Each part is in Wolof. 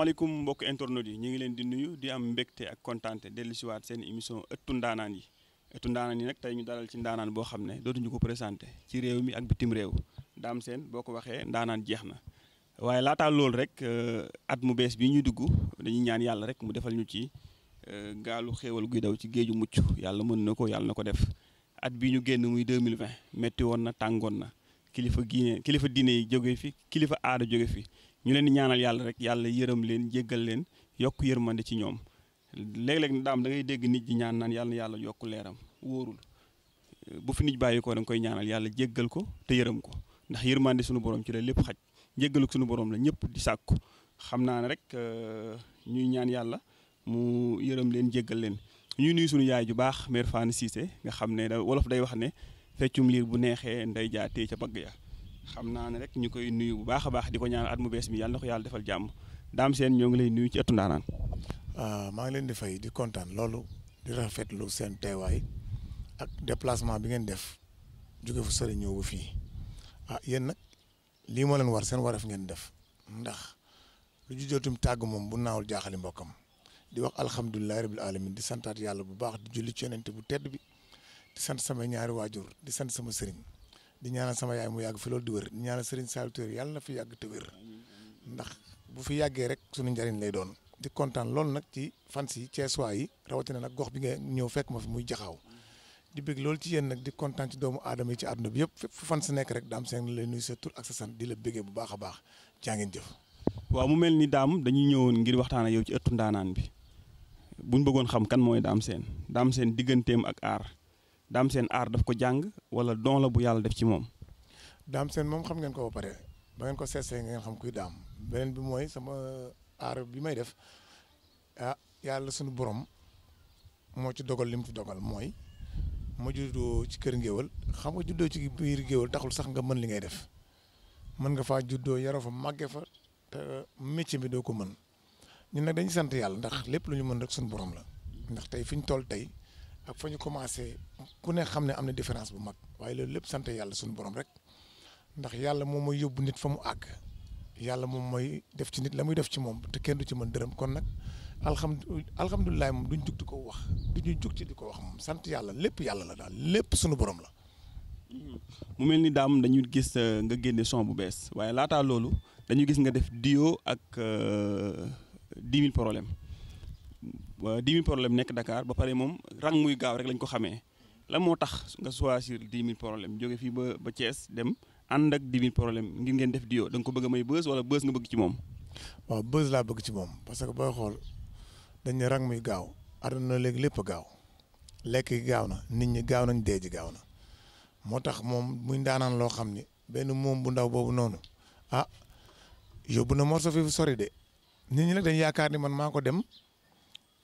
asalaamaaleykum mbokk internet yi ñu ngi leen di nuyu di am mbégte ak kontaante dellu si waat seen émission ëttu ndaanaan yi ëttu ndaanaan yi nag tey ñu dalal ci ndaanaan boo xam ne dootuñu ko présenté ci réew mi ak bitim réew daam seen boo ko waxee ndaanaan jeex na waaye laataa loolu rek euh, at mu bees bii ñu dugg dañuy ñaan yàlla rek mu defal ñu ci euh, gaalu xéewal guy daw ci géeju mucc yàlla mën na ko yàlla na ko def at bi ñu génn muy 2020 metti woon na tàngoon na kilifa diine kilifa diine jóge fi kilifa aada jóge fi ñu leen di ñaanal yàlla rek yàlla yërëm leen jéggal leen yokk yërmande ci ñoom léeg-léeg daam dégg nit ñi ñaan naan yàlla yàlla yokk leeram wóorul bu fi nit bàyyi ko da nga koy ñaanal yàlla jéggal ko te yërëm ko ndax yërmande suñu borom ci la lépp xaj jéggalu suñu borom la ñëpp di sàkk xam naa ne rek euh, ñuy ñaan yàlla mu yërëm leen jéggal leen ñuy nuyu suñu yaay ju baax mère Fane Cissé nga xam ne da wolof day wax ne feccum liir bu neexee nday jaatee ca bagg ya xam naa ne rek ñu koy nuyu bu baax a baax di ko ñaan at mu bees mi yàlla ko yàlla defal jàmm daam seen ñoo ngi lay nuyu ci ëttu ndaanaan ah, maa ngi leen di fay di kontaan loolu di rafetlu seen teewaay ak déplacement bi ngeen def jóge fu sori ñëw ba fii ah yéen nag lii moo leen war seen wareef ngeen def ndax lu jujootum tàgg moom bu naawul jaaxale mbokkam di wax alhamdulilahi rabil alamin di santaat yàlla bu baax di julli ci yonent bu tedd bi di sama ñaari waajur di sant sama sëriñ di ñaanal sama yaay mu yàgg fi loolu di wér di ñaanal Serigne Saliou Touré yàlla na fi yàgg te wér ndax bu fi yàggee rek sunu njëriñ lay doon. di kontaan loolu nag ci fans yi Ceesuwaay yi rawatina nag gox bi nga ñëw fekk ma fi muy jaxaaw di bëgg loolu ci yéen nag di kontaan ci doomu aadama yi ci àdduna bi yëpp fépp fu fans nekk rek daam seen lay nuy sa ak sa sant di la bëggee bu baax a baax jaa ngeen jëf. waaw mu mel ni daam dañuy ñëwoon ngir waxtaan ak yow ci ëttu ndaanaan bi buñ bëggoon xam kan mooy daam seen daam seen digganteem ak aar daam seen aar daf ko jàng wala don la bu yàlla def ci moom. daam seen moom xam ngeen ko ba pare ba ngeen ko seesee ngeen xam kuy daam beneen bi mooy sama aar bi may def ah yàlla suñu borom moo ci dogal li mu ci dogal mooy ma juddoo ci kër ngéwal xam nga juddoo ci biir ngéwal taxul sax nga mën li ngay def mën nga fa juddoo yaroo fa màggee fa te métier bi doo ko mën ñu ne dañuy sant yàlla ndax lépp lu ñu mën rek suñu borom la ndax tey fi ñu toll tey. ak fa ñu commencé ku ne xam ne am na différence bu mag waaye loolu lépp sant yàlla suñu borom rek ndax yàlla moom mooy yóbbu nit fa mu àgg yàlla moom mooy def ci nit la muy def ci moom te kenn du ci man dërëm kon nag alhamdu alhamdulilah moom duñ jug di ko wax duñu jug ci di ko wax moom sant yàlla lépp yàlla la daal lépp suñu boroom la. mu mel ni daam dañu gis euh, nga génne son bu bees waaye laataa loolu dañu gis nga def duo ak 10 euh, 000 problèmes. waa euh, mille problème nekk dakaar ba pare moom rang muy gaaw rek lañ ko xamee lan moo tax nga choisir dix mille problème jóge fii ba ba Thiès dem ànd ak dix mille problème ngir ngeen def duo da nga ko bëgg may bës wala bës nga bëgg ci moom. waaw bës laa bëgg ci moom parce que booy xool dañ ne rang muy gaaw àdduna léegi lépp gaaw lekk gi gaaw na nit ñi gaaw nañ dee ji gaaw na moo tax moom muy ndaanaan loo xam ni benn moom bu ndaw boobu noonu ah yóbbu na morso fi sori de nit ñi nag dañ yaakaar ni man maa ko dem.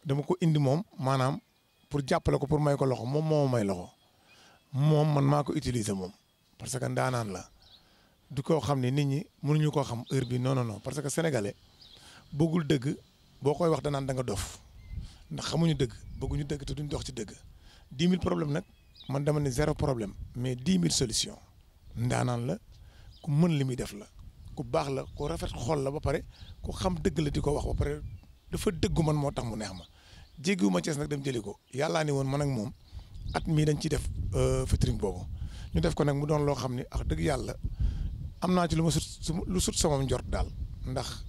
dama ko indi moom maanaam pour jàppale ko pour may ko loxo moom moo may loxo moom man maa ko utiliser moom parce que ndaanaan la du koo xam ne nit ñi mënuñu koo xam heure bi noonu non parce que sénégalais bëggul dëgg boo koy wax danaan da nga dof ndax xamuñu dëgg bëgguñu dëgg te duñ dox ci dëgg dix mille problème nag man dama ne zéro problème mais dix mille solution ndaanaan la ku mën li muy def la ku baax la ku rafet xool la ba pare ku xam dëgg la ko wax ba pare dafa dëggu man moo tax mu neex ma jéggiwuma Thiès nag dem jëli ko yàllaa ni woon man ak moom at mii dañ ciy def euh, featuring boobu ñu def ko nag mu doon loo xam ne wax dëgg yàlla am naa ci lu ma sut lu sut sama njort daal ndax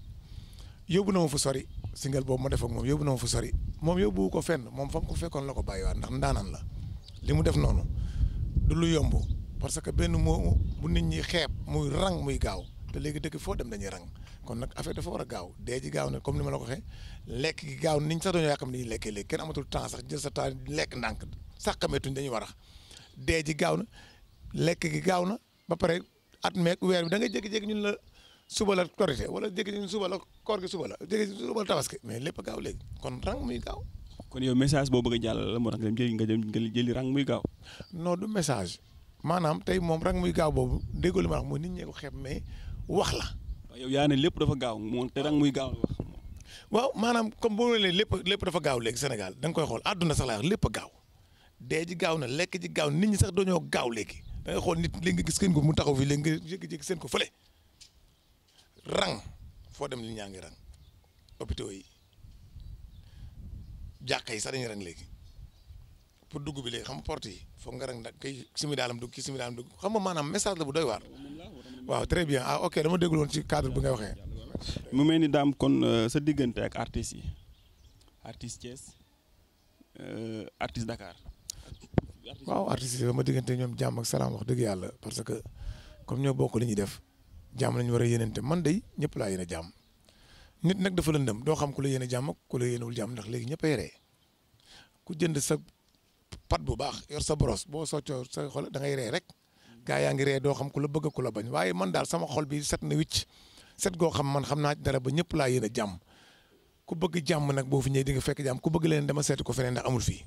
yóbbu na ma fu sori single boobu ma def moom yóbbu na ma fu sori moom yóbbu ko fenn moom fa mu ko fekkoon la ko bàyyi bàyyiwaat ndax ndaanaan la li mu def noonu du lu yomb parce que benn moo bu nit ñi xeeb muy rang muy gaaw te léegi dëkk foo dem dañuy rang kon nag affaire dafa war a gaaw dee ji gaaw na comme ni ma la ko waxee lekk gi gaaw niñ sax dañoo yàqam ni ñuy lekkee léegi kenn amatul temps sax jël sa temps lekk ndànk sàqameetuñ dañuy war a dee ji gaaw na lekk gi gaaw na ba pare at meeg weer bi da ngay jékki-jékki ñun la suba la korité wala jékki-jékki ñun suba la koor gi suba la jékki mais lépp gaaw léegi kon rang muy gaaw. kon yow message boo bëgg a jàllale la moo tax nga jëli nga jëli rang muy gaaw. non du message maanaam tey moom rang muy gaaw boobu déggoo li ma wax nit ñee ko xeeb mais wax la waaw yaa ne lépp dafa gaaw moom te danga muy gaaw wax. waaw maanaam comme boo nee lépp lépp dafa gaaw léegi Sénégal da koy xool àdduna sax laa wax lépp a gaaw dee ji gaaw na lekk ji gaaw nit ñi sax dañoo gaaw léegi da xool nit léegi nga gis kenn ko mu taxaw fii léegi nga jékki-jékki seen ko fële foo dem li ñaa ngi rang hôpitaux yi jàkka yi sax dañuy rang léegi pour dugg bi léegi xam yi foog nga rang nag kay simi daalam dugg kii simi daalam dugg xam nga maanaam message la bu doy waar waaw très bien ah ok dama déglu woon ci cadre bi nga waxee. mu mel ni daam kon euh, sa diggante ak artistes yi artiste Thiès euh, artiste Dakar. waaw artistes yi dama diggante ñoom jàmm ak salaam wax dëgg yàlla parce que comme ñoo bokk li ñuy def jàmm lañu war a yéeneente man dey ñëpp laa yéene jàmm. nit nag dafa lëndëm doo xam ku la yéene jàmm ak ku la yéenewul jàmm ndax léegi ñëpp a ku jënd sa pat bu baax yor sa boros boo soccoo sa xol da ngay ree rek. gaa yaa ngi ree doo xam ku la bëgg ku la bañ waaye man daal sama xol bi set na wicc set goo xam man xam naa dara ba ñëpp laa yéen a jàmm ku bëgg jàmm nag boo fi ñëwee di nga fekk jàmm ku bëgg leen dama seeti ko feneen ndax amul fii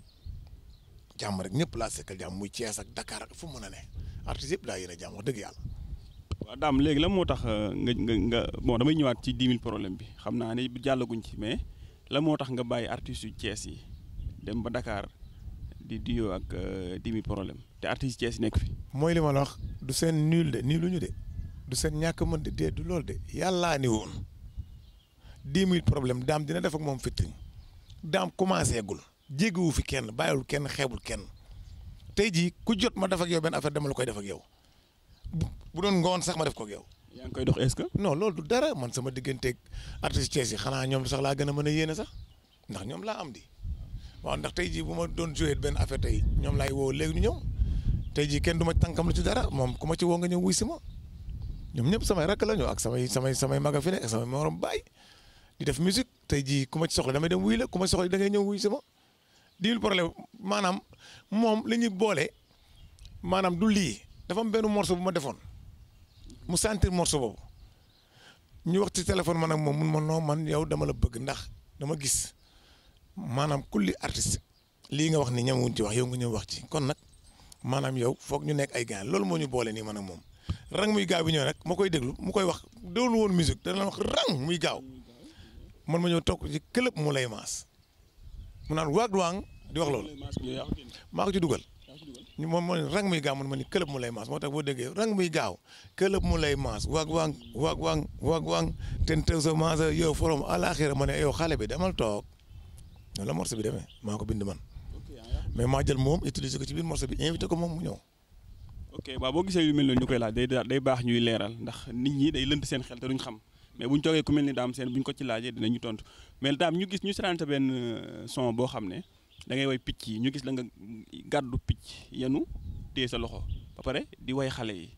jàmm rek ñëpp laa sekkal jàmm muy Thiès ak Dakar ak fu mu mën a ne artiste yëpp laa yéen a jàmm wax dëgg yàlla. waa daam léegi la moo tax euh, nga nga nga moo damay ñëwaat ci 10 000 problème bi xam naa ne jàllaguñ ci mais la moo tax nga bàyyi artistes yu Thiès yi dem ba Dakar di duo ak euh, dimi problème te artiste Thiès nekk fi. mooy li ma la wax du seen nul de nii lu ñu de du seen ñàkk mën de dee du loolu de yàllaa ni woon dix mille problème daam dina def ak moom fitting daam commencé gul jéggiwu fi kenn bàyyiwul kenn xeebul kenn tey jii ku jot ma def ak yow benn affaire dama la koy def ak yow bu doon ngoon sax ma def ko yow. yaa ngi koy dox est-ce que. non loolu du dara man sama digganteeg artiste Thiès yi xanaa ñoom sax laa gën a mën a yéene sax ndax ñoom laa am di. waaw ndax tey jii bu ma doon joué benn affaire tey ñoom laay woo léegi ñu ñëw tey jii kenn du ma tànkam lu ci dara moom ku ma ci woo nga ñëw wuy si ma ñoom ñëpp samay rakk la ñu ak samay samay samay maga fi ne ak samay morom baay di def musique tey jii ku ma ci soxla damay dem wuy ku ma ci soxla da ngay ñëw wuy si ma maanaam moom li ñuy boole maanaam du lii dafa am benn morceau bu ma defoon mu sentir morceau boobu ñu wax ci téléphone man moom mun ma noo man yow dama la bëgg ndax dama gis. maanaam kulli artiste lii nga wax ni ñam ñamawuñ ci wax yow nga ñëw wax ci kon nag maanaam yow foog ñu nekk ay gaan loolu moo ñu boole nii man ak moom rang muy gaaw bi ñëw nag ma koy déglu mu koy wax déglu woon musique dana muy gaaw man ma ñëw ci club mu lay maas mu naan waag duwaang di wax loolu maa ko ci dugal moom moo rang muy gaaw man ma ni club lay maas moo boo déggee rang muy gaaw club mu lay maas waag waang waag waang waag waang ten tew sa maasa yow forom alaxira ma ne yow xale bi demal toog noonu la morceau bi demee maa ko bind man ah, mais maa jël moom utiliser ko ci biir morceau bi invité ko moom mu ñëw. ok waaw boo gisee yu mel noonu ñu koy laaj day day baax ñuy leeral ndax nit ñi day lënt seen xel te duñ xam mais buñ toogee ku mel ni daam seen buñ ko ci laajee ñu tontu mais daam ñu gis ñu sirante benn euh, son boo xam ne dangay ngay way picc yi ñu gis la nga gàddu picc yenu téye sa loxo ba pare di way xale yi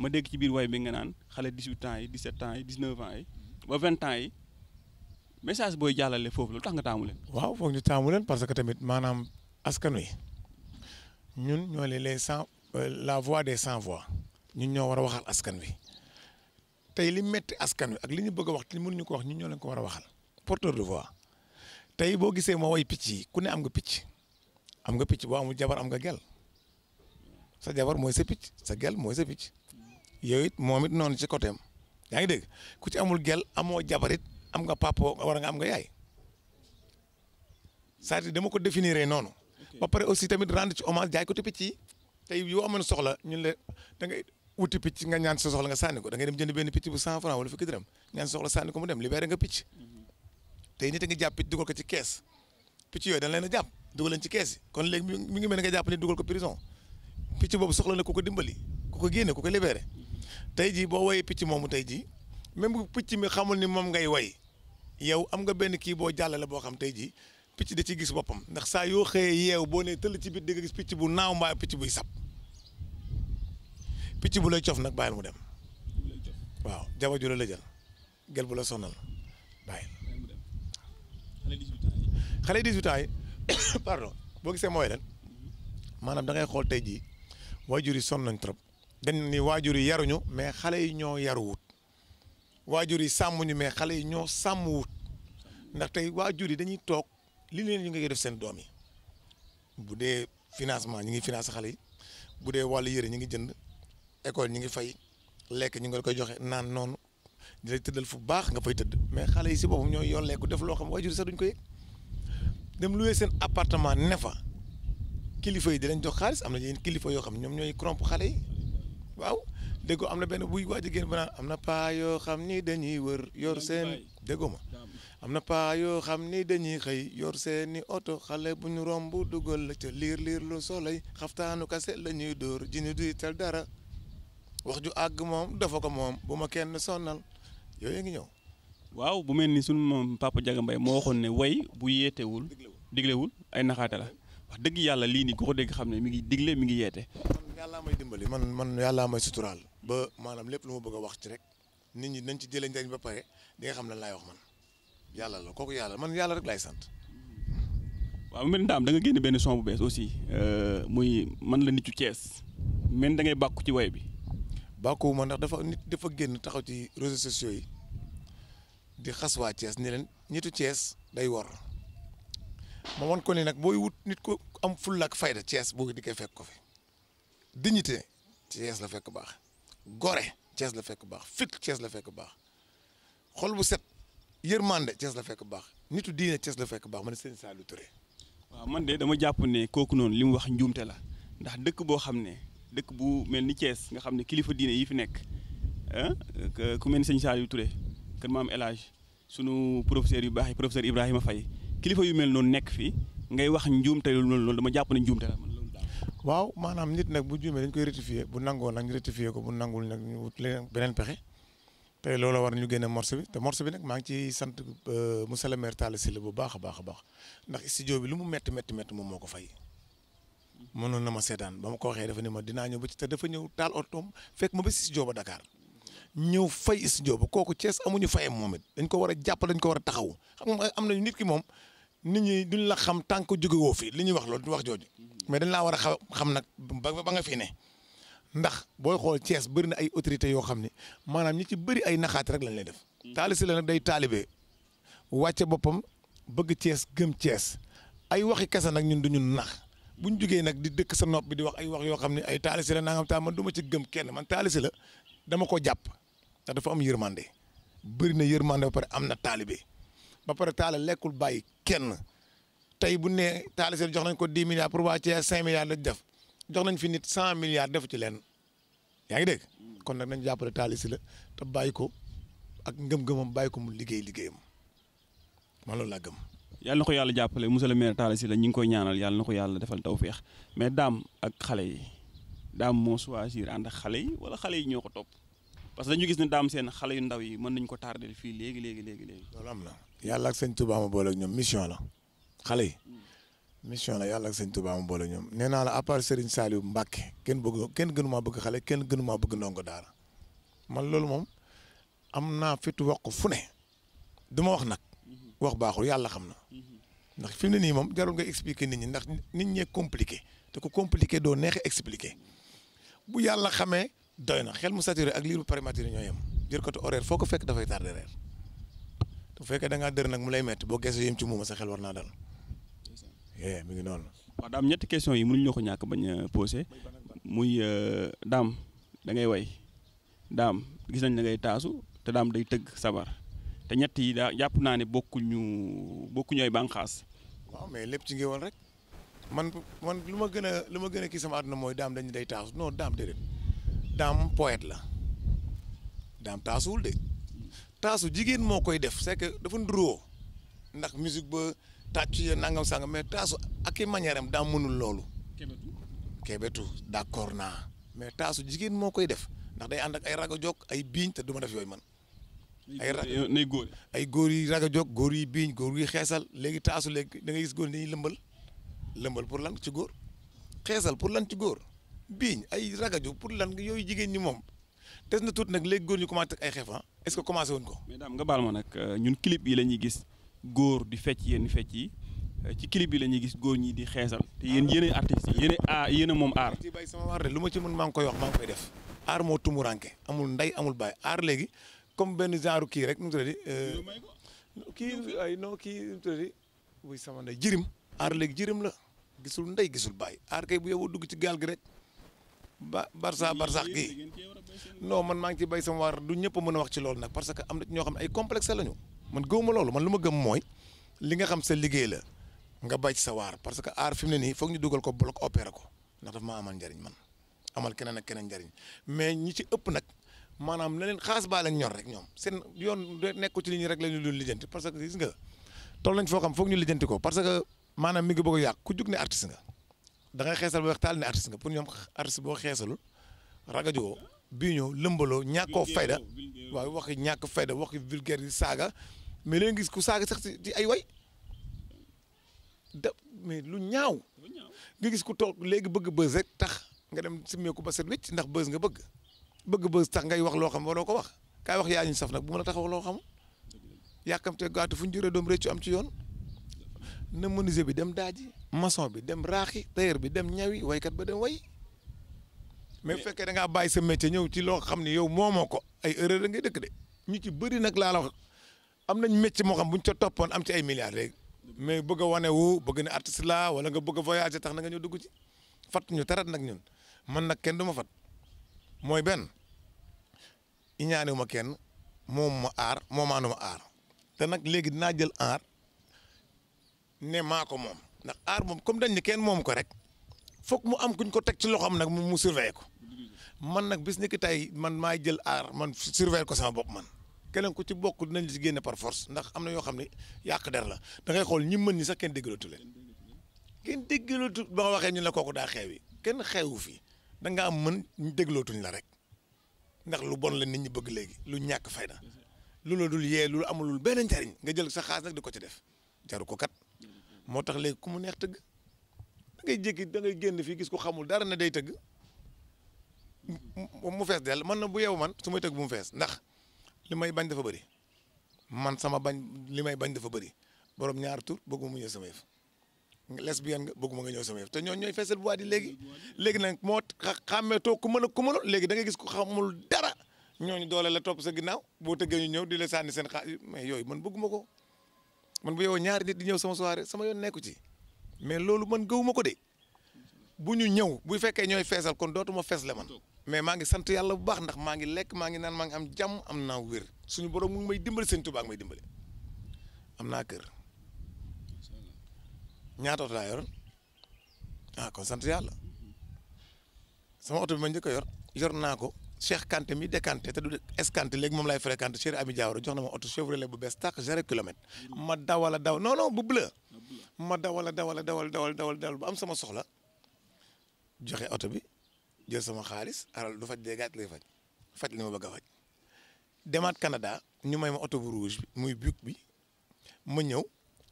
ma dégg ci biir way bi nga naan xale 18 ans yi 17 ans yi 19 ans yi ba yi message booy jàllale foofu lu tax nga taamu leen. waaw foog ñu taamu leen parce que tamit maanaam askan wi ñun ñoo leen les sans euh, la voix des sans voix ñun ñoo war a waxal askan wi tey li metti askan wi ak li ñu bëgg a wax te mënuñu ko wax ñun ñoo leen ko war a waxal porteur de voix tey boo gisee moo way picc yi ku ne am nga picc am nga picc boo amul jabar am nga gel sa jabar mooy sa picc sa gel mooy sa picc yooyu moom it noonu ci côté am yaa ngi dégg ku ci amul gel amoo jabarit am nga papa war nga am nga yaay c'est-à-dire dama ko définir noonu. ba pare aussi tamit rendre ci hommage jaay ko te picc yi tey yoo amoon soxla ñun la da ngay wuti picc nga ñaan sa soxla nga sànni ko da ngay dem jënd benn picc bu cent franc wala fukki dërëm ñaan soxla sànni ko mu dem libéré nga picc. Mhm. tey nit a ngi jàpp picc dugal ko ci kees picc yooyu dañ leen a jàpp dugal leen ci kees yi kon léegi mu ngi mel ne nga jàpp ne dugal ko prison picc boobu soxla na ku ko dimbali ku ko génne ku ko libéré mhm. tey jii boo woyee picc moomu tey jii même bu picc mi xamul ni moom ngay way yow am nga benn kii boo jàllale boo xam tey jii picc da ci gis boppam ndax saa yoo xëyee yeew boo nee tëll ci biir di nga gis picc bu naaw mbaa picc buy sab picc bu lay cof nag bàyyil mu dem waaw jaba ju la lëjal gel bu la sonal bàyyil xale 18 ans yi pardon boo gisee mooy lan maanaam da ngay xool tey jii waajur yi sonn nañ trop dañ ni waajur yi yaruñu mais xale yi ñoo yaruwut waajur yi sàmm ñu mais xale yi ñoo sàmm wut ndax tey waajur yi dañuy toog li leen ñu ngi def seen doom yi bu dee financement ñu ngi financé xale yi bu dee wàllu yëre ñu ngi jënd école ñu ngi fay lekk ñu ngi koy joxe naan noonu di lay tëddal fu baax nga fay tëdd mais xale yi si boppam ñoo yoon lekku def loo xam waajur yi sax duñ ko dem loué seen apartement nefa kilifa yi di leen jox xaalis am na yeneen kilifa yoo xam ñoom ñooy crompe xale yi waaw. déggoo am na benn buy waaj a génn ba am na paa yoo xam ni dañuy wër yor seen déggoo am na paa yoo xam ni dañuy xëy yor seeni oto xale bu ñu romb dugal la ca liir liir lu soleil xaftaanu kase la ñuy dóor ji ñu duy tal dara wax ju àgg moom dafa ko moom bu ma kenn sonnal yooyu ngi ñëw. waaw bu mel ni sunu moom papa Diaga mbay moo waxoon ne way bu yeetewul diglewul ay naxaate la wax dëgg yàlla lii nii ko ko dégg xam ne mi ngi digle mi ngi yeete. man yàllaa may dimbali man man yàllaa may ba maanaam lépp lu ma bëgg a wax ci rek nit ñi nañ ci jëlee njëriñ ba pare di nga xam lan laay wax man yàlla la kooku yàlla man yàlla rek laay sant. waaw man daam da génn benn son bu bees aussi euh, muy man la nit yu Thiès men da ngay bàkku ci way bi. bàkkuwu ma ndax dafa nit dafa génn taxaw ci réseaux sociaux yi di xas waa Thiès ni leen nitu Thiès day wor ma wan ko ni nag booy wut nit ko am fulla fayda cees boo di koy fekk ko fi dignité Thiès la fekk baax. gore Cees la fekk baax fit Cees la fekk baax xol bu set de Cees la fekk baax nitu diine Cees la fekk baax man sëñ Saliou Touré. waaw de dama jàpp ne kooku noonu li mu wax njuumte la ndax dëkk boo xam ne dëkk bu mel ni Cees nga xam ne kilifa diine yi fi nekk ku mel ni sëñ Saliou Touré kër maam El Hadj sunu professeur yu baax yi professeur Ibrahima fay kilifa yu mel noonu nekk fii ngay wax njuumte loolu loolu dama jàpp ne njuumte la. waaw maanaam nit nag bu juumee dañ koy rectifier bu nangoo nag ñu rectifier ko bu nangul nag ñu wut leneen beneen pexe te looloo war ñu génne morceau bi te morceau bi nag maa ngi ciy sant euh, monsieur le maire Talla Sylla bu baax a baax a baax ndax studio bi lu mu moom moo ko fay. mënoon na ma seetaan ba ma ko waxee dafa ne ma dinaa ñëw ba ci te dafa ñëw taal otoom fekk ma ba studio ba dakaar ñëw fay studio ba kooku cees amuñu fayam moom it dañ ko war a jàpp dañ ko war a taxaw xam nga am nañu nit ki moom. nit ñi du la xam tant que jóge woo fi li ñuy wax loolu du wax jooju mais dañ laa war a xam xam nag ba ba nga fi ne ndax boo xool Thiès bëri na ay autorités yoo xam ne maanaam ñi ci bëri ay naxaat rek lañ lay def. taalisi la nag day taalibe wàcce boppam bëgg Thiès gëm Thiès ay waxi kese nag ñun du ñu nax bu ñu jugee nag di dëkk sa nopp bi di wax ay wax yoo xam ne ay taalisi la nangam taa man du ma ci gëm kenn man taalisi la dama ko jàpp ndax dafa am yërmande bëri na yërmande ba pare am na taalibe. ba pare taala lekkul bàyyi kenn tey bu nee taala seen jox nañ ko 10 milliards pour waa Thiès 5 milliards lañ def jox nañ fi nit cent milliards defu ci leen yaa ngi dégg. kon nag nañ jàppale taali si la te bàyyi ko ak ngëm-ngëmam bàyyi ko mu liggéey liggéeyam man loolu laa gëm. yàlla na ko yàlla jàppale monsieur le maire Talla Sylla la ñu ngi koy ñaanal yàlla na ko yàlla defal taw feex mais daam ak xale yi daam moo choisir ànd xale yi wala xale yi ñoo ko topp. parce que dañu gis ne daam seen xale yu ndaw yi mën nañu ko tardel fii léegi léegi léegi léegi. loolu am na yàlla ak sëñ Touba ma boole ak ñoom mission la xale yi. mission la yàlla ak sëñ Touba ma boole ñoom nee naa la à part Serigne Saliou Mbacke kenn bëgg kenn gënu maa bëgg xale kenn gënu maa bëgg ndongo daara man loolu moom am naa fitu wax ko fu ne du ma wax nag mhm. wax baaxul yàlla xam na mhm. ndax fi mu ne nii moom jarul nga expliquer nit ñi ndax nit ñee compliqué te ku compliqué doo neex expliqué bu yàlla xamee doy na xel mu saturé ak liir bu prématuré ñoo yem jërkatu horaire foo ko fekk dafay tardé reer bu fekkee dangaa dër nag mu lay metti boo geesoo yem ci muuma sa xel war naa eh, mi ngi noonu. waaw daam ñetti question yi mënuñu ko ñàkk bañ a posé muy euh, daam da ngay way daam gis nañ da ngay taasu te daam day tëgg sabar te ñett yi daa jàpp naa ne bokkuñu bokkuñu ay bànqaas. waaw mais lépp ci ngeewal rek man man lu ma gën a ma a kii sama àdduna mooy daam dañ day taasu non daam déedéet. daam poète la daam taasuwul de taasu jigéen moo koy def c'est que dafa nduróo ndax musique ba tàccu ya nangam sangam mais taasu ak i manière am daam mënul loolu. kebetu kebetu d'accord naa mais taasu jigéen moo koy def ndax day ànd ak ay raga jog ay biiñ te du ma def yooyu man. ay rag ay góor yi raga jog góor yi biiñ góor yi xeesal léegi taasu léegi da ngay gis góor yi dañuy lëmbal lëmbal pour lan ci góor xeesal pour lan ci góor. biiñ ay ragaju pour lan yooyu jigéen ñi moom des na tuuti nag léegi góor ñu commencé ay xeef ah est-ce commencé wuñ ko. mais daam nga baal ma nag euh, ñun clip yi la ñuy gis góor di fecc yenn fecc yi euh, ci clip yi la ñuy gis góor ñi di xeesal te yéen yéenay artistes yi yéenay aar yéen a moom aar. bay sama wax lu ma ci mën maa ngi koy wax maa ngi koy def aar moo tumuranke amul nday amul baay aar léegi comme benn genre kii rek mu tuddati. Euh, kii ay non kii nu mu tuddati buy sama nday jirim aar léegi jirim la gisul ndey gisul baay aar kay bu yow dugg ci gaal rek. ba Barça Barsax gi non man maa ngi ci bay sama waar du ñëpp mën a wax ci loolu nag parce que am na ñoo xam ne ay complexe la ñu man gëwuma loolu man lu ma gëm mooy li nga xam sa liggéey la nga bay ci sa waar parce que aar fi mu ne nii foog ñu dugal ko bloc opéré ko ndax daf maa amal njariñ man amal keneen ak keneen njariñ mais ñi ci ëpp nag maanaam na leen xaas baa leen ñor rek ñoom seen yoon nekku ci li ñu rek la ñu doon parce que gis ng toll nañ foo xam foog ñu lijjanti ko parce maanaam mi ngi bëgg a yàq ku da ngay xeesal ba weex taal ne artiste nga pour ñoom artiste boo xeesalul ragajoo bii ñëw lëmbaloo ñàkkoo fayda waaw waxi ñàkk fayda waxi vulgaire yi saaga mais leen gis ku saaga sax ci ay way da lu ñaaw nga gis ku toog léegi bëgg bës rek tax nga dem simmeeku ba set wicc ndax bës nga bëgg bëgg bës tax ngay wax loo xam waroo ko wax kaay wax yaa ñu saf nag bu mën a tax wax loo xam yàkkamte gaatu fu ñu juree doom réccu am ci yoon na menuisier bi dem daaji maçon bi dem raaxi tailleur bi dem ñawi waykat ba dem way mais bu fekkee da ngaa bàyyi sa métier ñëw ci loo xam ne yow moomoo ko ay erreur la ngay dëkk ñu ci bëri nag laa am nañ métier moo xam bu ca toppoon am ci ay milliards léegi mais bëgg wane wu bëgg ne artiste wala nga bëgg a tax na nga ñëw dugg ci fat ñu tarat nag ñun man nag kenn du ma fat mooy benn wu ma kenn moom ma aar moomaanu ma aar te nag léegi dinaa jël aar ne maa ko moom ndax aar moom comme dañ ne kenn moom ko rek foog mu am kuñ ko teg ci loxoom nag mu surveiller ko man nag bis ni tey man maay jël aar man surveiller ko sama bopp man keneen ku ci bokk dinañ la ci génne par force ndax am na yoo xam ne yàq der la da ngay xool ñi mën ñi sax kenn déggalatu leen kenn déggalatu ba waxee ñu la kooku daa xeewi kenn xeewu fii danga am mën ñu la rek ndax lu bon la nit ñi bëgg léegi lu ñàkk fayda lu la dul yee lu amulul benn njariñ nga jël sa xaas di ko ci def jaru ko kat moo tax léegi ku mu neex tëgg da ngay jékki génn fii gis ko xamul dara na day tëgg mu fees dell man na bu yeewu man su ma tëgg bu mu fees ndax li may bañ dafa bëri man sama bañ li may bañ dafa bëri borom ñaar tur bëgguma mu ñëw sama yëf bi nga bëgguma nga ñëw sama yëf te ñoo ñooy feesal bu waa di léegi léegi nag moo xàmmee toog ku mën a ku mënul léegi da ngay gis ko xamul dara ñooñu doole la topp sa ginnaaw boo tëggee ñu ñëw di la sànni seen xaalis mais yooyu man bëgguma ko man bu yow ñaari nit di ñëw sama soirée sama yoon nekku ci mais loolu man gëwuma ko de bu ñu ñëw bu fekkee ñooy feesal kon dootuma fees le man mais maa ngi sant yàlla bu baax ndax maa ngi lekk maa ngi naan maa ngi am jàmm am naa wér suñu borom mu ngi may dimbali seen tubaab may dimbali am naa kër ñaata oto laa yor ah kon sant yàlla sama oto ma njëkk a yor yor naa ko. Cheikh Kanté mi décanté te du escanté léegi moom laay fréquenté Cheikh Ami Diawara jox na ma oto Chevrolet bu bees tàq zéro kilomètre. ma dawala daw non non bu bleu. ma dawala dawala dawal dawal dawal dawal ba am sama soxla joxe oto bi jël sama xaalis aral du faj dee gàtt faj faj a faj. demaat Canada ñu may ma oto bu rouge muy Buick bi ma ñëw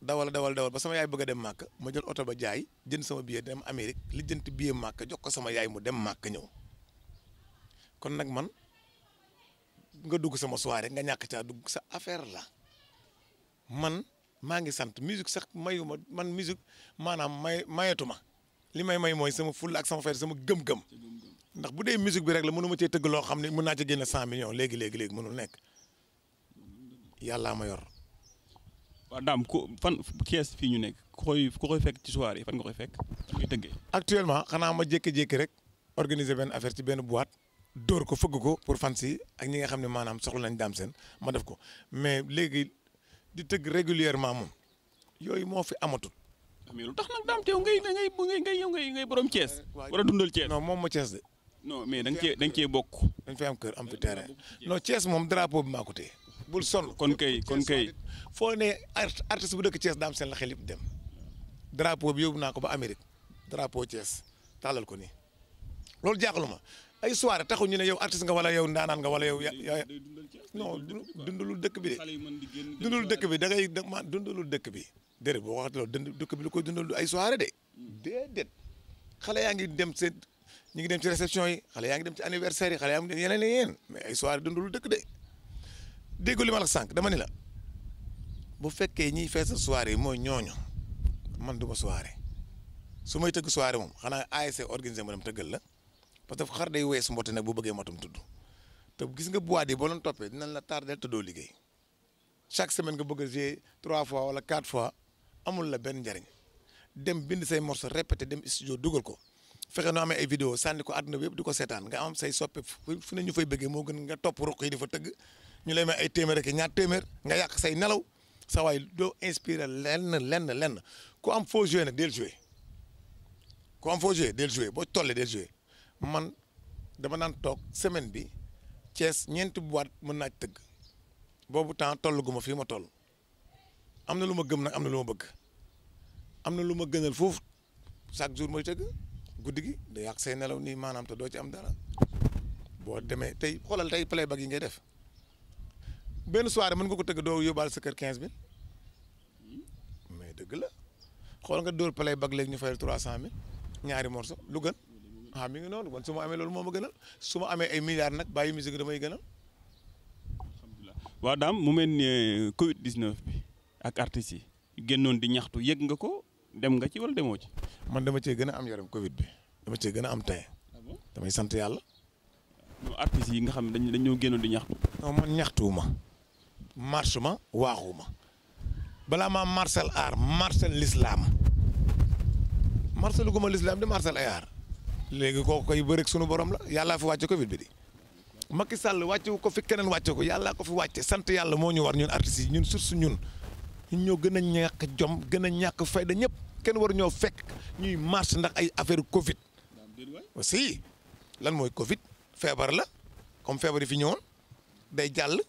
dawala dawal dawal ba sama yaay bëgg a dem màkk ma jël oto ba jaay jën sama billet dem Amérique li jënd billet màkk jox ko sama yaay mu dem màkk ñëw. kon nag man nga dugg sama soirée nga ñàkk caa dugg sa affaire la man maa ngi sant musique sax mayu man musique maanaam may mayetu ma li may may mooy sama fulla ak sama fayda sama gëm-gëm ndax bu dee musique bi rek la mënu ma cee tëgg loo xam ne mën naa ci génne cent millions léegi léegi léegi mënul nekk yàllaa ma yor. waaw daam ko fan Thiès fii ñu nekk ku koy ku koy fekk ci yi fan nga koy fekk. fan nga tëggee. actuellement xanaa ma jékki-jékki rek organiser benn affaire ci benn boîte. dóor ko fëgg ko pour fan si ak ñi nga xam ne maanaam soxla nañ daam seen ma def ko mais léegi di tëgg régulièrement moom yooyu moo fi amatul. mais lu tax nag daam teew ngay ngay ngay ngay ngay borom Thiès. war a dundal Thiès non moom ma Thiès mais da nga cee da bokk. dañ terrain non Thiès moom drapeau bi maa ko téye bul sonn kon kay kon kay. foo ne artiste bu dëkk Thiès daam seen la xel yëpp dem drapeau bi yóbbu naa ko ba Amérique drapeau Thiès tàllal ko nii loolu jaaxaluma ay soirée taxu ñu ne yow artiste nga wala yow ndaanaan nga wala yow yaa non dundalul dëkk bi de dundalul dëkk bi da ngay ma dundalul dëkk bi déedéet boo waxatee loolu dund dëkk bi lu koy dundal du ay soirée de hmm. xale yaa ngi dem seen ñu ngi dem ci réception yi xale yaa ngi dem ci anniversaire yi xale yaa ngi dem ay soirée dundalul dëkk de li ma la sànq dama ni la bu fekkee ñiy feesal soirée yi mooy ñooñu man du ma soirée su may tëgg soirée moom xanaa ASC organisé ma dem tëggal la parce que xar day weesu mbote nag bu bëggee motam tudd te gis nga bois de boo doon toppee dinañ la tardel doo liggéey chaque semaine nga bëgg a jouer fois wala quatre fois amul la benn njariñ dem bind say morceau répété dem studio dugal ko fexe noo amee ay vidéo sànni ko àdduna bi yëpp di ko seetaan nga am say soppe fu ne ñu fay bëggee moo gën nga topp ruq di fa tëgg ñu lay may ay téeméer ak ñaar téeméer nga yàq say nelaw sa waay doo inspiré lenn lenn lenn ku am foo joué nag del joué ku am boo tollee del joué man dama naan toog semaine bi cees ñeenti boîte mën naa tëgg boobu temps tolluguma fii ma toll am na lu ma gëm nag am na lu ma bëgg am na lu ma gënal foofu chaque jour mooy tëgg guddi gi day yàq say nelaw nii maanaam te doo ci am dara boo demee tey xoolal tey pale bag yi ngay def benn soirée mën nga ko tëgg doo yóbbaal sa kër quinze mille mais dëgg la xool nga dóor bag léegi ñu fayal trois cent mille ñaari morceau lu gën ah mi ngi noonu man su ma amee loolu moo ma gënal su ma amee ay milliards nag bàyyi musique damay gënal. waa daam mu mel ni euh, Covid 19 bi ak artistes yi génnoon di ñaxtu yëg nga ko dem nga ci wala demoo ci. man dama cee gën a am yaram Covid bi dama cee gën a am tey. Ah damay sant yàlla. ñoo artistes yi nga xam ne dañ dañoo génnoon di ñaxtu. non man ñaxtuwuma marche ma waaxuma balaa maa marcel aar marcel l'islam marcel gu ma l'islam di marcel ay aar léegi kooku koy bëreeg sunu borom la yàllaa fi wàcce Covid bi di Macky sàll wàcce ko fi keneen wàcce ko yàllaa ko fi wàcce sant yàlla moo ñu war ñun artistes ñun source ñun ñu ñoo gën a ñàkk jom gën a ñàkk fayda ñëpp kenn war ñoo fekk ñuy marche ndax ay affaire Covid. aussi lan mooy Covid feebar la comme feebar yi fi ñëwoon day jàll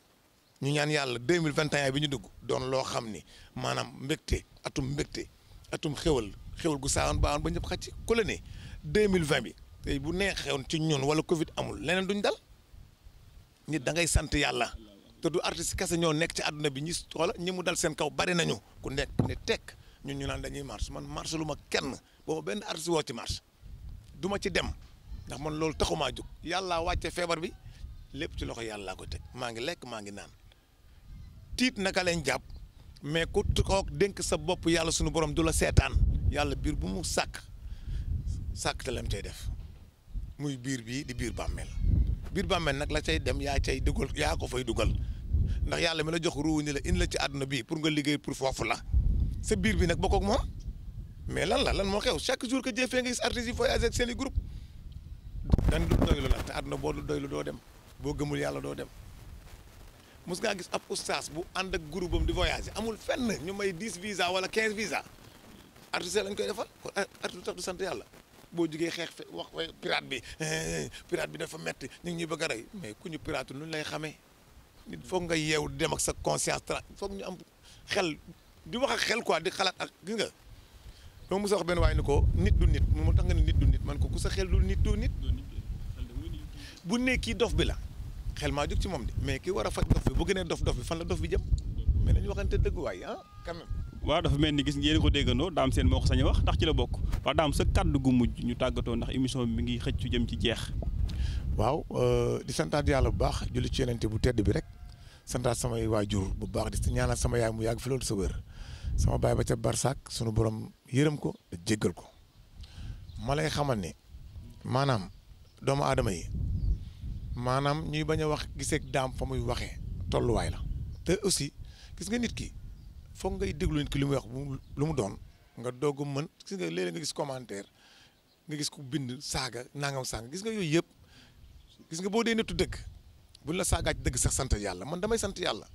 ñu ñaan yàlla deux mille vingt et un bi ñu dugg doon loo xam ni maanaam mbégte atum mbégte atum xéwal xéwal gu saawoon baawoon ba ñëpp xaj deux mille vingt bi tey bu neexewoon ci ñun wala Covid amul leneen duñ dal nit da ngay sant yàlla te du artiste kese ñoo nekk ci àdduna bi ñi xoola ñi mu dal seen kaw bari nañu ku nekk ne tekk ñun ñu naan dañuy marche man marche lu ma kenn booba benn artiste woo ci marche du ma ci dem ndax man loolu taxumaa jóg yàllaa wàcce feebar bi lépp ci loxo yàllaa ko teg maa ngi lekk maa ngi naan tiit naka leen jàpp mais ku toog dénk sa bopp yàlla sunu borom du la seetaan yàlla biir bu mu sàkk sàkk te lam cay def muy biir bii di biir bàmmeel biir bàmmeel nag la cay dem yaa cay dugal yaa ko fay dugal ndax yàlla mi la jox ruu ni la in la ci àdduna bi pour nga liggéey pour foofu la sa biir bi nag bokk ak moom mais lan la lan moo xew chaque jour que jëfee nga gis artistes yi voyage ak seen i groupe dan du doylu la te àdduna boo du doylu doo dem boo gëmul yàlla doo dem mos ngaa gis ab oustaz bu ànd ak groupe am di voyage amul fenn ñu may 10 visa wala 15 visa artiste lañ koy defal kon eh, sant yàlla boo jugee xeex fe wax pirate bi eh, pirate bi dafa metti ñu ngi ñuy bëgg a rey mais ku ñu pirate lu lay xamee nit foog nga yeewu dem ak sa conscience tra foog ñu am xel di wax ak xel quoi di xalaat ak gis nga dama mos a wax benn waaye ni ko nit du nit mu tax nga ne nit du nit man ko ku sa xel du nit doo nit bu ne kii dof bi la xel maa jóg ci moom de mais ki war a faj dof bi bu gënee dof dof bi fan la dof bi jëm mais nañu waxante dëgg waay ah quand même waaw dafa mel ni gis ngeen ko déggandoo daam seen moo ko sañ wax ndax ci la bokk waaw daam sa kàddu gu mujj ñu tàggatoo ndax émission bi mi ngi xëccu jëm ci jeex. waaw euh, di santaat yàlla bu baax julli ci yenente bu tedd bi rek santaat samay waajur bu baax di ñaanal sama yaay mu yàgg fi loolu sa wér sama baay ba ca barsaak sunu borom yërëm ko te jéggal ko ma lay xamal ne maanaam doomu aadama yi maanaam ñuy bañ a wax giseeg daam fa muy waxee tolluwaay la te aussi gis nga nit ki. foog ngay déglu nit ki li muy wax lu mu doon nga doog a mën gis nga léeg-léeg nga gis commentaire nga gis ku bind saaga nangam saaga gis nga yooyu yëpp gis nga boo dee nettu dëgg buñ la saagaat dëgg sax sant yàlla man damay sant yàlla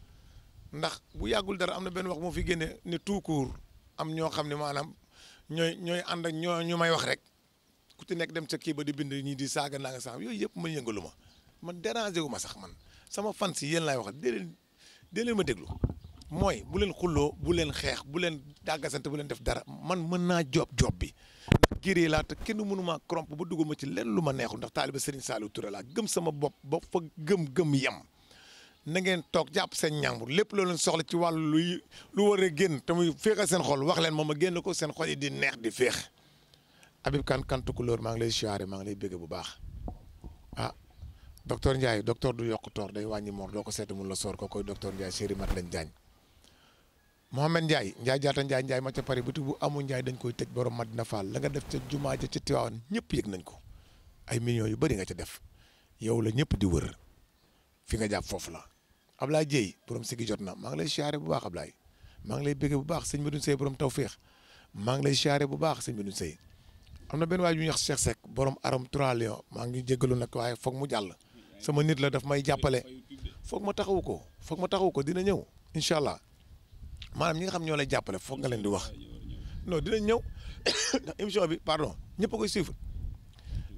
ndax bu yàggul dara am na benn wax moo fi génne ne tout court am ñoo xam ne maanaam ñooy ñooy ànd ak ñoo ñu may wax rek ku ci nekk dem ca kii ba di bind ñii di saaga nangam saaga yooyu yëpp ma yëngalu ma man déranger wu ma sax man sama fan si yéen laay wax dee leen ma déglu mooy bu leen xuloo bu leen xeex bu leen dàggasante bu leen def dara man mën naa joob joob bi ndax géree laa te kenn mënumaa kromp ba dugguma ci leen lu ma neexul ndax taaliba Serigne Saliou Touré laa gëm sama bopp ba fa gëm-gëm yem na ngeen toog jàpp seen ñàmbur lépp loo soxla ci wàllu lu war génn te muy féexal seen xol wax leen moom a génn ko seen xol yi di neex di féex Habib Kane Kane Tukulóor maa ngi lay siyaare maa lay bégg bu baax ah docteur Ndiaye docteur du yokk toor day wàññi moor doo ko seeta mun la soor ko koy docteur Ndiaye chéri mat lañ jaañ Mohamed Ndiaye Ndiaye jaata Ndiaye Ndiaye ma ca Paris bitu bu amul Ndiaye dañ koy tëj borom Madina Fall la nga def ca jumaa ja ca Tiwaawan ñëpp yëg nañ ko ay millions yu bëri nga ca def yow la ñëpp di wër fi nga jàpp foofu la Ablaye Dieye borom sigi jot na maa ngi lay siyaare bu baax Ablaye maa ngi lay bëgge bu baax sëñ Medoune Seye borom tawféex maa ngi lay siyaare bu baax sëñ Medoune Seye am na benn waay bu ñuy wax Cheikh borom aram 3 maa ngi jégalu nag waaye foog mu jàll sama nit la daf may jàppale foog ma taxawu ko foog ma taxawu ko dina ñëw incha allah maanaam ñi nga xam ñoo lay jàppale foog nga leen di wax non dina ñëw ndax émission bi pardon ñëpp a koy suivre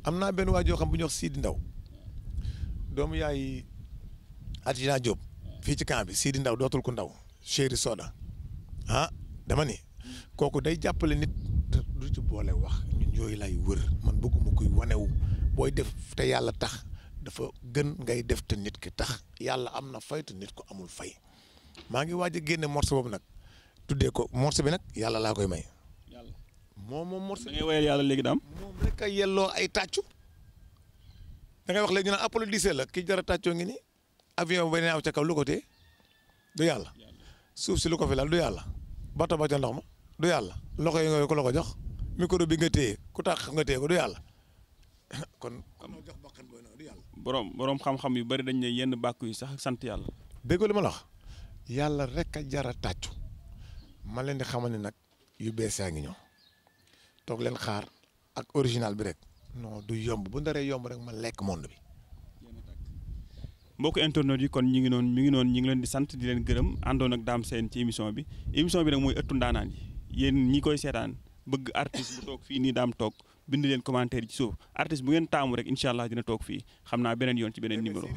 am naa benn waa xam bu ñuy wax Sidi Ndaw doomu yaay Adja Diop fii ci camp bi Sidi Ndaw dootul ku ndaw chéri soda ah dama ni kooku day jàppale nit du ci boole wax ñu yooyu lay wër man bëgguma kuy wanewu booy def te yàlla tax dafa gën ngay def te nit ki tax yàlla am na fay te nit ko amul fay maa ngi waaj a génne morceau boobu nag tuddee ko morceau bi nag yàlla laa koy may. yàlla moom moom morceau. da ngay yàlla léegi daam. moom rek a yelloo ay tàccu. da ngay wax léegi ñu naan applaudissé la ki jara a tàccoo ngi ni avion ba nee aw ca kaw lu ko tee du yàlla. suuf si lu ko fi laal du yàlla. bato ba ca ndox ma du yàlla. loxo yi nga ko la ko jox. micro bi nga téye ku tax nga téye ko du yàlla. jox bakkan booy na du borom borom xam-xam yu bari dañ ne yenn bàkk yu sax sant yàlla. dégg li ma yàlla rek a jara tàccu ma leen di xamal ne nag yu bees yaa ngi ñëw toog leen xaar ak original bi rek non du yomb bu ndaree yomb rek ma lekk monde bi. mbokk internet yi kon ñu ngi noon mi ngi noon ñu ngi leen di sant di leen gërëm àndoon ak Dame Sène ci émission bi émission bi nag mooy ëttu ndaanaan yi yéen ñi koy seetaan bëgg artiste bu toog fii nii daam toog bind leen commentaire yi ci suuf artiste bu ngeen taamu rek incha allah dina toog fii xam naa beneen yoon ci beneen numéro.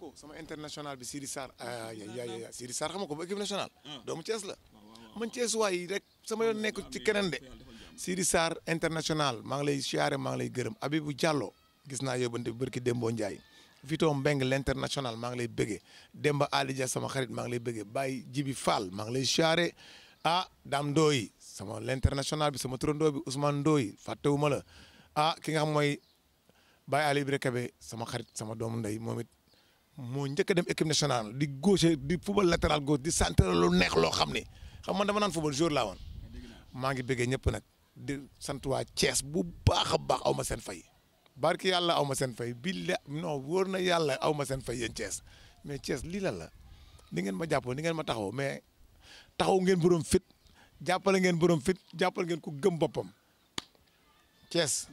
ko sama international bi Siri Sarr aywa ah, ah, ko ba équipe nationale. Ah. doomu Thiès la. man rek sama yoon nekk ci keneen Siri Sarr international maa ngi lay siyaare maa nga lay gërëm Abibou Diallo gis naa yóbbante bi barki Dembo Ndiaye. Vito Mbeng l' international maa ngi lay bëggee Demba Alidia sama xarit maa ngi lay bëggee Baye Jibi Fall maa ngi lay siyaare ah Dame Ndoye sama l'international bi sama turandoo bi Ousmane Ndoye ma la ah ki nga xam mooy Baye Aliou Ibra Kébé sama xarit sama doomu ndey moom it moo njëkk a dem équipe nationale di gauche di football latéral gauche di centre lu neex loo xam ne xam man dama naan football jour laa woon maa ngi bëggee ñëpp nag di sant waa Thiès bu baax baax aw ma seen fay barki yàlla aw ma seen fay billa noo wóor na yàlla aw ma seen fay yéen Thiès mais Thiès lii la ni ngeen ma jàppoo ni ngeen ma taxaw mais taxaw ngeen borom fit jàppale ngeen borom fit jàppale ngeen ku gëm boppam Thiès